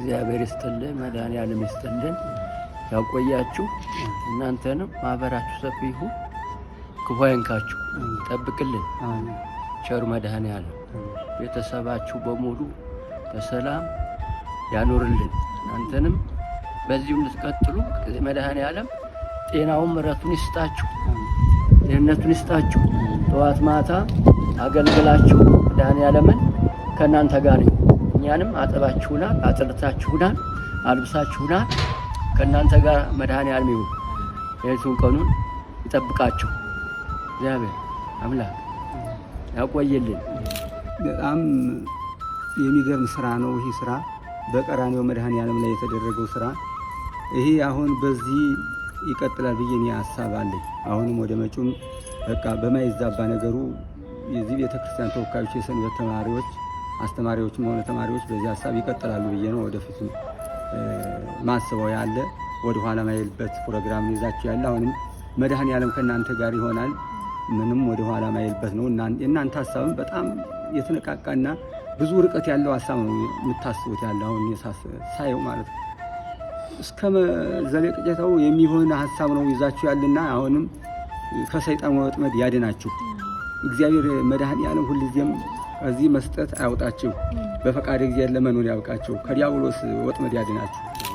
እግዚአብሔር ይስጥልን፣ መድኃኔዓለም ይስጥልን፣ ያቆያችሁ። እናንተንም ማህበራችሁ ሰፊ ይሁን፣ ክፉ አይንካችሁ፣ ጠብቅልን ቸሩ መድኃኔዓለም። ቤተሰባችሁ በሙሉ በሰላም ያኖርልን። እናንተንም በዚሁ እንድትቀጥሉ መድኃኔዓለም ጤናውን ምሕረቱን ይስጣችሁ፣ ጤንነቱን ይስጣችሁ። ጠዋት ማታ አገልግላችሁ መድኃኔዓለምን ከእናንተ ጋር እኛንም አጠባችሁናል፣ አጥርታችሁናል፣ አልብሳችሁናል። ከእናንተ ጋር መድኃኔዓለም ይሁን። የቱን ቀኑን ይጠብቃችሁ እግዚአብሔር አምላክ ያቆየልን። በጣም የሚገርም ስራ ነው ይህ ስራ በቀራኔው አለም ላይ የተደረገው ስራ ይሄ አሁን በዚህ ይቀጥላል ብዬ እኔ ሀሳብ አለኝ። አሁንም ወደ መጪውም በቃ በማይዛባ ነገሩ የዚህ ቤተክርስቲያን ተወካዮች የሰንበት ተማሪዎች አስተማሪዎችም ሆነ ተማሪዎች በዚህ ሀሳብ ይቀጥላሉ ብዬ ነው ወደፊት ማስበው ያለ ወደኋላ ማይልበት ፕሮግራም ይዛችሁ ያለ አሁንም መድኃኔዓለም ከእናንተ ጋር ይሆናል። ምንም ወደኋላ ማይልበት ነው። የእናንተ ሀሳብም በጣም የተነቃቃና ብዙ ርቀት ያለው ሀሳብ ነው የምታስቡት ያለ አሁን ሳየው ማለት ነው እስከ ዘለቄታው የሚሆን ሀሳብ ነው ይዛችሁ ያልና አሁንም ከሰይጣን ወጥመድ ያድናችሁ እግዚአብሔር መድኃኔዓለም ሁልጊዜም ከዚህ መስጠት አያውጣችሁ፣ በፈቃደ እግዚአብሔር ለመኖር ያብቃችሁ፣ ከዲያብሎስ ወጥመድ ያድናችሁ።